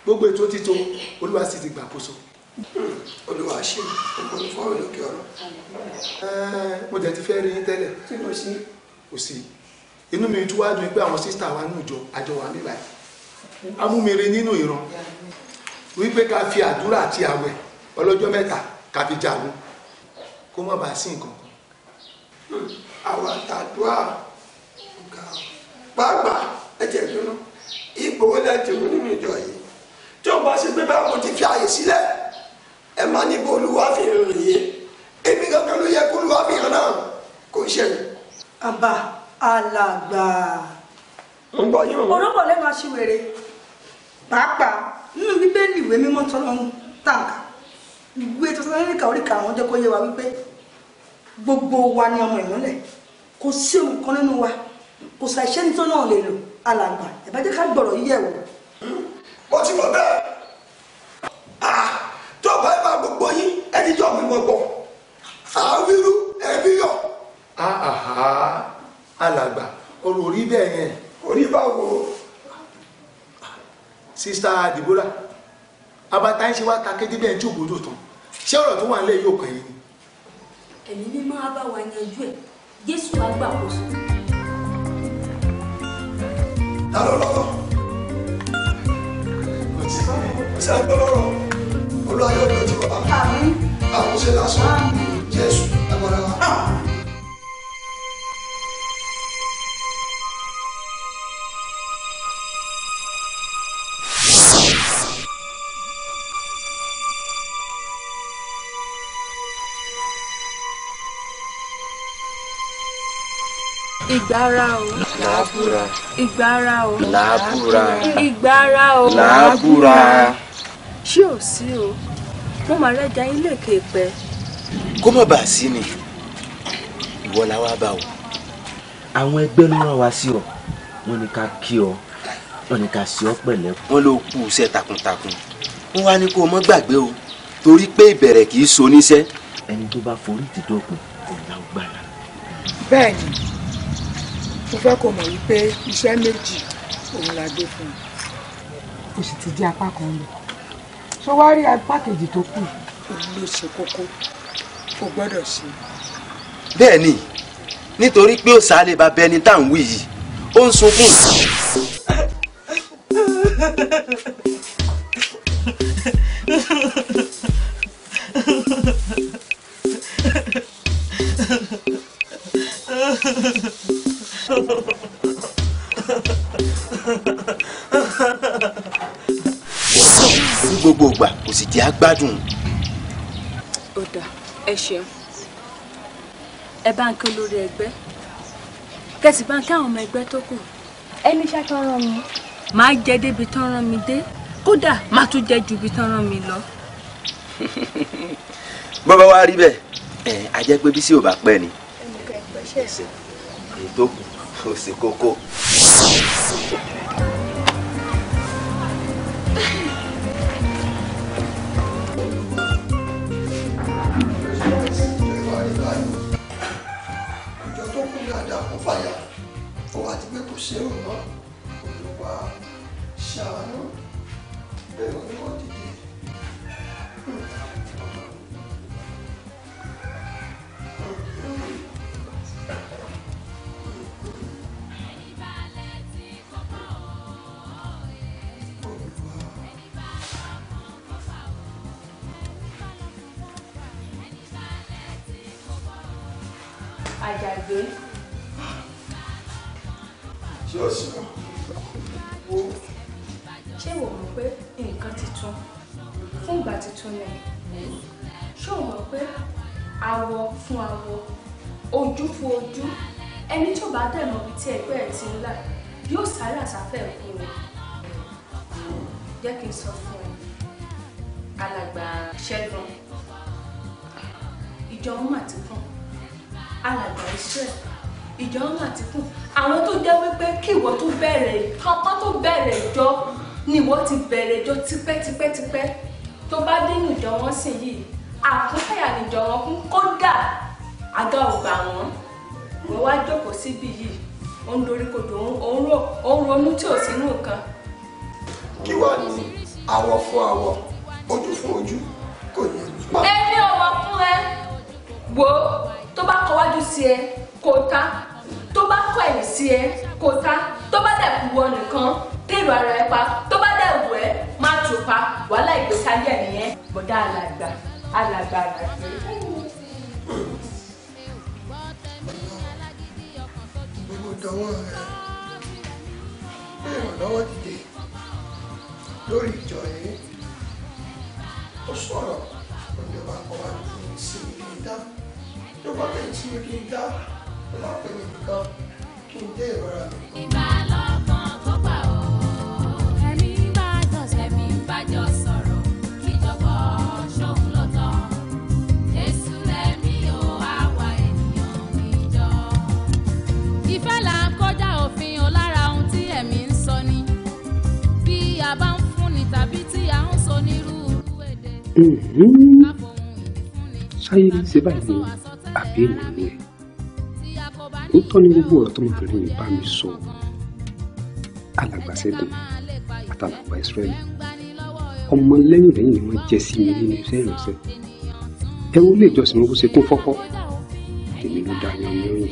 gbogbo ètò títò olúwa sì ti gbàkóso olúwa ṣe òkú ní fọ́ọ̀rọ̀ lókè ọ̀rọ̀ mo tẹ̀ ti fẹ́ rí yín tẹ́lẹ̀ tí mo ṣí kò sí inú mi tún wá dùn pé àwọn sísítà wa ní ìjọ àjọ wa níbà yìí amúmire nínú ìran wípé ká fi àdúrà àti àwẹ̀ ọlọ́jọ́ mẹ́ta ká fi jagun kó má bàa sí nǹkan kan. àwọn àtàdúrà pàápàá ẹ̀jẹ̀ dúró ipò ó lẹ́ẹ̀tì nínú ìjọ yìí tí ó bá ṣe pé báwo ti fi àyè sílẹ̀ ẹ máa ní bolúwa fi hàn yìí èmi kankan ló yẹ kólúwa fi hàn náà kò ń ṣẹlẹ̀. àbá alàgbà. ń bọ yín o. òróró lè máa pàápàá nínú bíbélì ìwé mímọ́ tọ́lọ́run tàǹkà ìwé tọ́sánlẹ́ríkà oríkà àwọn jẹ́ kó yé wa wípé gbogbo wa ni ọmọ ìmọ́lẹ̀ kò sí nǹkan nínú wa kò sà iṣẹ́ nítorí náà lè lò alàgbà ẹ bá jẹ́ ká gbọ̀rọ̀ yíyẹ̀ wò. mo ti mọ bẹ́ẹ̀. Ah! yóò bá bá gbogbo yín ẹ ti jọ mímọ pọ̀ àwírú ẹbí yọ. alàgbà ọ̀rọ̀ orí bẹ́ẹ̀ yẹn. orí bá wo. sista Deborah abata ń ṣe wá takété bẹ́ẹ̀ tí òbójú tán ṣé ọ̀rọ̀ tó wà nílẹ̀ yóò kàn yín ni. ẹ̀mí mímọ́ á bá wa yanjú ẹ̀ jésù á gbàkóso. ta ló lọ́rọ̀? kò àgbọ̀ lọ́rọ̀ olúwa yóò dojú bàbá àwọn ṣe lásán jésù agbára wa. Ìgbára o. Làbúra. Ìgbára o. Làbúra. o ṣé ò sí o mo máa rẹ́ja ilé kéèpẹ́. kó má bàa sí ni ìwọ la wá bá o. àwọn ẹgbẹ́ ló rán wa sí ọ wọ́n ní ká kí ọ wọ́n ní ká sí ọ pẹ̀lẹ́. wọ́n ló kú iṣẹ́ takuntakun wọ́n wá ní kó o mọ́ gbàgbé o torí pé ìbẹ̀rẹ̀ kì í so níṣẹ́. ẹni tó bá forí ti dópin kò lá gbára. bẹ́ẹ̀ni mo fẹ́ kó mọ̀ wípé iṣẹ́ méjì òun la gbé fún un. kò sì ti di apá kan lọ ṣé wàá rí pákéjì tó kù. ló ṣe kókó o gbọ́dọ̀ ṣe. bẹ́ẹ̀ ni nítorí pé òsà lè ba bẹni tá à ń wí yìí ó ń sunkún. jẹ́ á gbádùn. ó dáa ẹ ṣeun ẹ bá ń kí olórí ẹgbẹ́ kẹsì bá ń kí àwọn ọmọ ẹgbẹ́ tó kù. ẹni iṣẹ́ tó rán mi. màá jẹ débi tó rán mi dé kódà màá tún jẹ ju ibi tó rán mi lọ. *laughs* bó bá wá rí bẹ́ẹ̀ ẹ̀ á jẹ́ pé bísí ò bá pẹ́ ni. ẹnì kan ẹgbẹ́ ṣẹ̀ṣẹ̀. ètò kò kókó. ṣeun náà olúwa ìwọ ti bẹ̀rẹ̀ jọ tipẹ́tipẹ́tipẹ́ tó bá dínú ìjọ wọn sì yìí àkúnfẹ̀yà níjọ wọn kún kódà àga ò gbà wọ́n wá jókòó síbi yìí ó ń kodò ó ronú tí ò sínú nǹkan. kí wàá ní àwọ̀ fún àwọ̀ ojú fún ojú kò ní. ẹni ọmọ fún ẹ wo tó bá kọwájú sí ẹ kó tá tó bá kọ ẹ̀yìn sí ẹ kó tá tó bá dẹ̀ kú wọ nìkan dèrò ara ẹ pa má tó pa wàhálà ìgbésí ayé nìyẹn bọ̀dá alàgbà alàgbà alàgbà. gbogbo dọwọ́ rẹ ìrànlọ́wọ́ dìde lórí ìjọ yìí ó sọ̀rọ̀ ọ̀dọ̀wà ọ̀wà sí mi kí dá tó bá bẹ̀rẹ̀ sí mi kí dá ọ̀làpẹ̀ mi kí n dé ìrora mi. sáyé ní ṣe báyìí ni àbí ènìyàn ni ẹ ń tọ́ ní gbogbo ọ̀rọ̀ tọmọbìnrin mi bá mi sọ alàgbà ṣẹ́gun àtàlàgbà ìsírẹ́lì ọmọ lẹ́yìn lẹ́yìn ni wọ́n jẹ́ sí mi nínú iṣẹ́ ìránṣẹ́ ẹ wo lè jọsìn mo kó ṣe kún fọ́fọ́ èmi ló dá yan mi rìn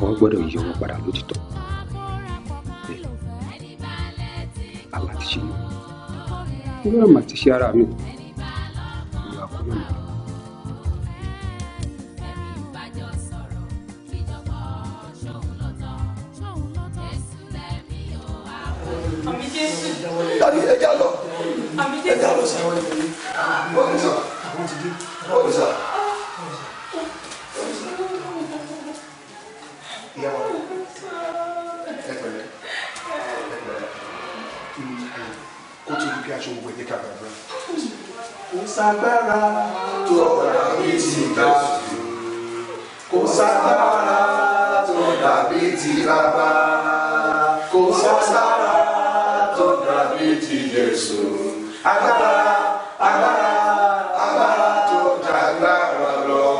ọwọ́ gbọ́dọ̀ yí ọwọ́ padà lójútọ́. àmà ti ṣe mi irú àmà ti ṣe ara ságbára tó dàbí ti bàbá kò ságbára tó dàbí ti Jésù agbára agbára agbára tó dàgbára lọ.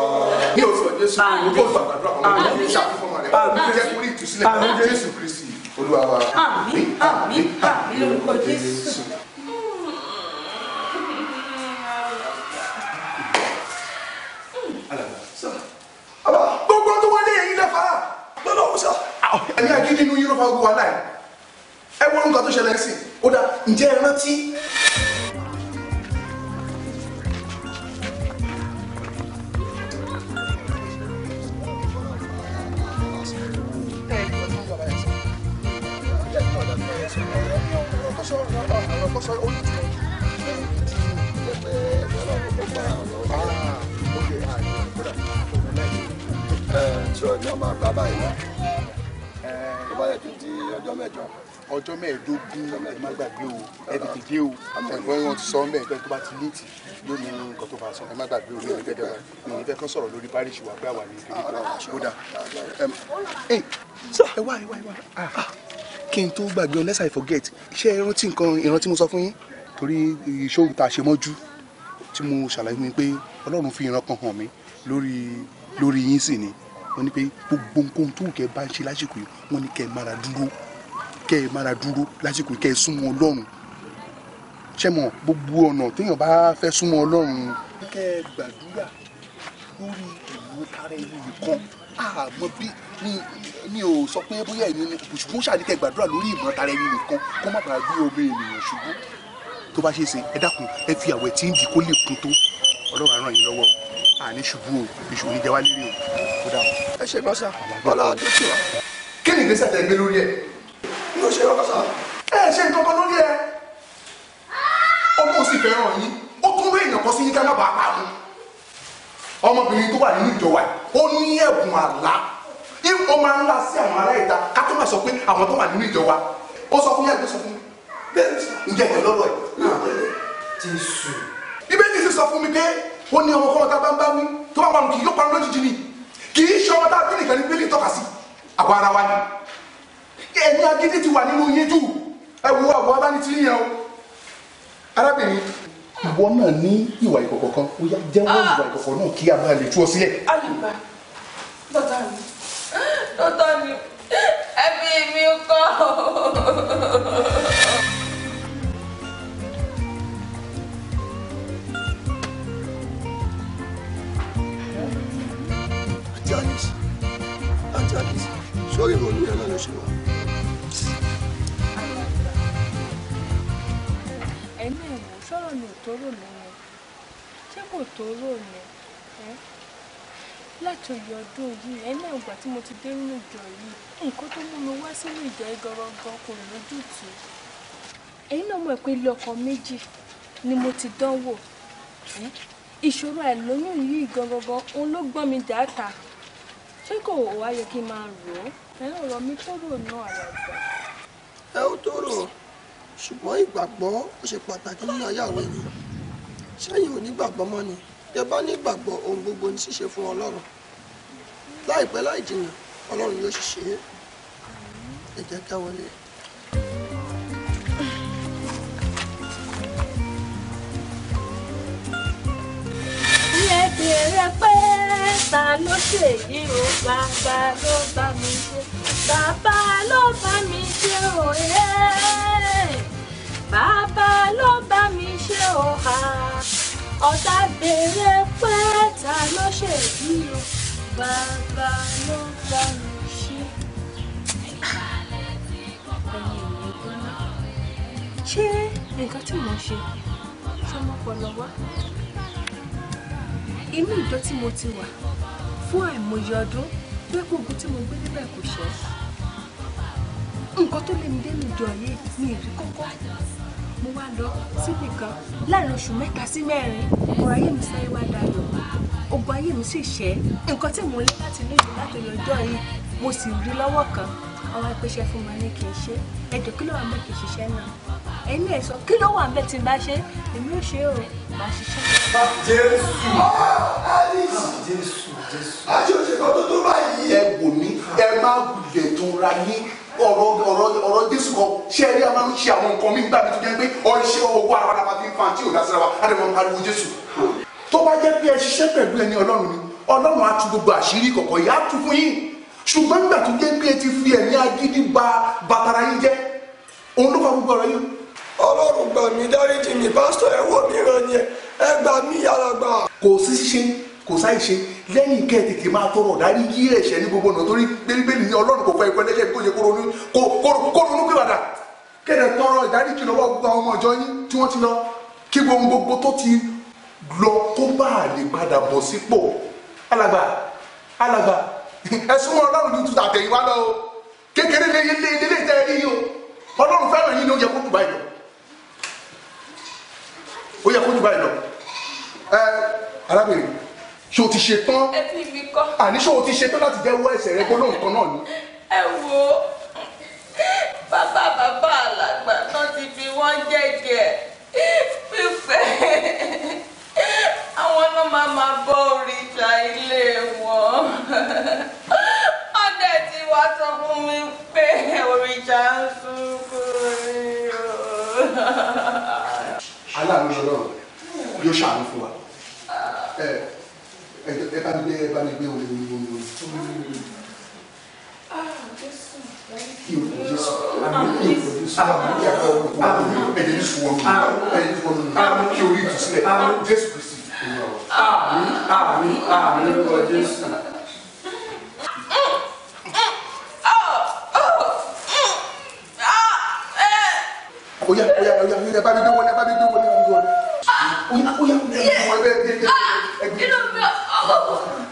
ní oṣù Jésù ní kò gbàgbọ́ àwọn ọmọ ìṣàkóso ọmọ rẹ jẹ́ kúrò ìtúsílẹ̀ Jésù Kristi Olúwa wa. àmín àmín àmín lórúkọ Jésù. nàìjíríà kí nínú yúròpù àgùwà láì ẹ wọ́n nǹkan tó ṣẹlẹ̀ sí ó dá ǹjẹ́ ẹ rántí. Ah, ah, eh, tí ó ní ọmọ àgbà báyìí náà ọjọ́ mẹ́jọ ọjọ́ mẹ́ẹ̀ẹ́dógún ẹ má gbàgbé o ẹ tètè dé o ẹ̀gbọ́n wọn ti sọ ọ mẹ́ẹ̀ẹ́dógún tó bá ti léètì yóò ní nǹkan tó bá sọ ẹ o lórí gẹ́gẹ́ wa ní ìfẹ́ kan sọ̀rọ̀ lórí parish wa pé àwa ní ìfẹ́ kan kódà ẹ wá ẹ wá ẹ wá ah, ah. kí n tó gbàgbé unless I forget ṣé ẹ rántí nǹkan ìrántí mo sọ fún yín torí ìṣòro tá a ṣe mọ́jú tí mo ṣàlàyé mi pé Ọlọ́run fi ìran kan hàn mí lórí lórí yín sì ni wọ́n ní pé gbogbo nǹkan tó kẹ́ bá ń ṣe lásìkò yìí wọ́n ní kẹ́ mára dúró kẹ́ ẹ mára dúró lásìkò kẹ́ ẹ súnmọ́ ọlọ́run ṣé mọ̀ gbogbo ọ̀nà téèyàn bá fẹ́ súnmọ́ ọlọ́run kẹ́ ẹ gbàdúrà lórí ìlú kára ẹni nìkan àmọ́ bí mi ò sọ pé bóyá ẹ̀yin ni ṣùgbọ́n ṣàní kẹ́ gbàdúrà lórí ìmọ̀ tara ẹni nìkan kó má bàa gbé omi ènìyàn ṣubú tó bá ṣe é ṣe ẹ dákun ẹ fi àwẹ̀ tí ń di kó lè kún tó ọlọ́run ràn yín lọ́wọ́ àní ṣubú o èṣù oníjẹ wá lérè o kó dà o. ẹ ṣe gbọ́sà ọlọ́run tó ṣe wá. kí ni ìgbésẹ̀ tẹ gbé lórí ẹ̀ mi ò ṣe ọkọ sá ẹ ṣe nǹkan kan lórí ẹ ọmọ òsì fẹ́ràn yín ó tún lé ìnàkọ́ sí yín ká má bàa pa mí ọmọbìnrin tó wà nínú ìjọba ó ní ẹ̀bùn àlá ó máa ń lá sí àwọn ará ìta ká tó máa sọ pé àwọn tó wà nínú ìjọba ó sọ fún yàrá tó sọ fún mi bẹ́ẹ̀ ǹjẹ́ ìjọ lọ́rọ̀ ẹ̀ ti sù. Bíbélì sì sọ fún mi pé ó ní ọmọ kọ́mọ́ta bá ń bá mi tó bá wà nù kì yóò parun lójijì ni kì í ṣe ọmọ tá a bí nìkan ní Bíbélì tọ́ka sí àgọ́ ara wa ni ẹ̀mí agídí ti wà nínú yín jù ẹ wo àwọn abánití yẹn o arábìnrin ìwọ náà ní ìwà ìkọ̀kọ̀ kan ó yá jẹ́wọ́ ìwà ìkọ̀kọ̀ náà kí a máa lè tú ọ sílẹ̀. àlùbá dọ́tà mi dọ́tà mi ẹbí mi kọ́. Ajanis Ajanis sórí ìròyìn ẹ̀ náà ẹ̀mí ìwò sọ̀rọ̀ ni ò tóró mi ni ṣé kò tóró ni láti oyè ọdún yìí ẹ̀mí ìgbà tí mo ti dé nínú ìjọ yìí nǹkan tó mú mi wá sínú ìjọ ìgọrọgàn kò lójútùú ẹ̀yin náà mọ̀ pé ilé ọkọ méjì ni mo ti dánwò ìṣòro àìlóyún yìí gangan òun ló gbọ́n mi dáta ṣé kò wá yẹ kí n máa rò ó ẹ̀ ọ̀rọ̀ mi tó rò náà àyàgbà. ẹ ó tó rò ó ṣùgbọ́n ìgbàgbọ́ ó ṣe pàtàkì nínú ayé àwọn ṣẹ́yìn ò ní mọ́ ni tẹ bá ní ohun gbogbo ní ṣíṣe fún ọlọ́run láìpẹ́ láì jìnnà ọlọ́run yóò ṣiṣẹ́ ẹ jẹ́ ká wọlé. ilé bèrè pé ta ló ṣèyí o bàbá ló bá mi ṣe bàbá ló bá mi ṣe òye. ọ̀tá béèrè pé ta ló ṣèbí o bàbá ló bá mi ṣe. ṣé nǹkan tí mò ń ṣe ṣọmọpọlọ wá inú ìjọ tí mo ti wà fún àìmọye ọdún pé ogun tí mo gbé níbẹ̀ kò ṣe nǹkan tó lè mi dé níjọ yìí mi ì rí kọ́kọ́ mo wá lọ síbì kan láàrin oṣù mẹ́ta sí mẹ́rin ọ̀rọ̀ ayé mi sáré wá dayọ̀ ogun ayé mi sì ṣẹ́ nǹkan tí mo lé láti inú ìlú láti lọ́jọ́ yìí mo sì rí lọ́wọ́ kan ọwọ́ apẹ́ṣẹ́ fún mi ní kì í ṣe ẹjọ́ kí ló wà mẹ́ kì í ṣiṣẹ́ náà ẹ̀yin ẹ̀ sọ kí ló wà mẹ́ tí n bá ṣe èmi ò ṣe o màá ṣiṣẹ́. jésù jésù jésù àti òṣèkọ tó tó báyìí ẹ wò mí ẹ má gùdẹ̀ ní ọ̀rọ̀ ọ̀rọ̀ ọ̀rọ̀ jésù kan ṣé ẹ̀rí àwọn ṣe àwọn nǹkan mí tó jẹ́ pé ọ̀ṣẹ́ owó ara wa fi ń fa àti òdàsára wa á lè pariwo jésù. tó bá jẹ́ pé ẹ ṣiṣẹ́ ẹni ọlọ́run kọ̀kọ̀ yìí á tu fún yín ṣùgbọ́n nígbà tó jẹ́ pé ti kò sáì ṣe lẹ́yìn kẹ́ tètè máa tọrọ ọ̀dárí yí ẹ̀ṣẹ̀ ní gbogbo ọ̀nà torí bẹ́ẹ̀ni ní ọlọ́run kò fẹ́ ikú ẹlẹ́ṣẹ̀ kó ṣe kó ronú pìwàdà kẹ́tẹ̀ tọrọ ìdárí jù lọ́wọ́ gbogbo àwọn ọmọ ìjọ yín tí wọ́n ti lọ kí gbogbo gbogbo tó ti lọ kó bá a lè padà bọ̀ sípò alàgbà alàgbà ẹ̀sùn ọlọ́run ní tuta àtẹ̀yìnwá lọ o kékeré lé ilé ilé o ọlọ́run fẹ́ràn yín ni ó yẹ kó jù báyìí lọ ó yẹ kó jù báyìí lọ ẹ arábìnrin ṣé o ti ṣe tán àní ṣé o ti ṣe tán láti jẹ́wọ́ ẹ̀ṣẹ̀ rẹ gbóná nǹkan náà ni. ẹ wo bàbá bàbá alàgbà tán ti fi wọ́n jẹ́jẹ́ fífẹ́ àwọn náà máa máa bọ́ òrìṣà ilé wọn wọ́n dẹ̀ ti wá sọ fún mi pé òrìṣà ń sunkún aláàánú ọlọ́run yóò ṣàánú fún wa ẹ bá mi gbé ẹ bá mi gbé omi omi omi omi. Kí o kò Jésù, kí o kò Jésù, kí a kọ orúkọ ọ̀hún, ẹ̀jẹ̀ Jésù wọnú, ẹ̀jẹ̀ Jésù wọnú, kí orí ìtú sílẹ̀, Jésù Kristi, Olúwa wa. Àmín, àmín, àmín lórúkọ Jésù. Oya oya oh oya bá mi dé wọlé bá mi dé wọlé bá mi dé wọlé. Oya oya oya oya bẹ́ẹ̀ bẹ́ẹ̀ bẹ́ẹ̀ bẹ́ẹ̀. 哈 *laughs*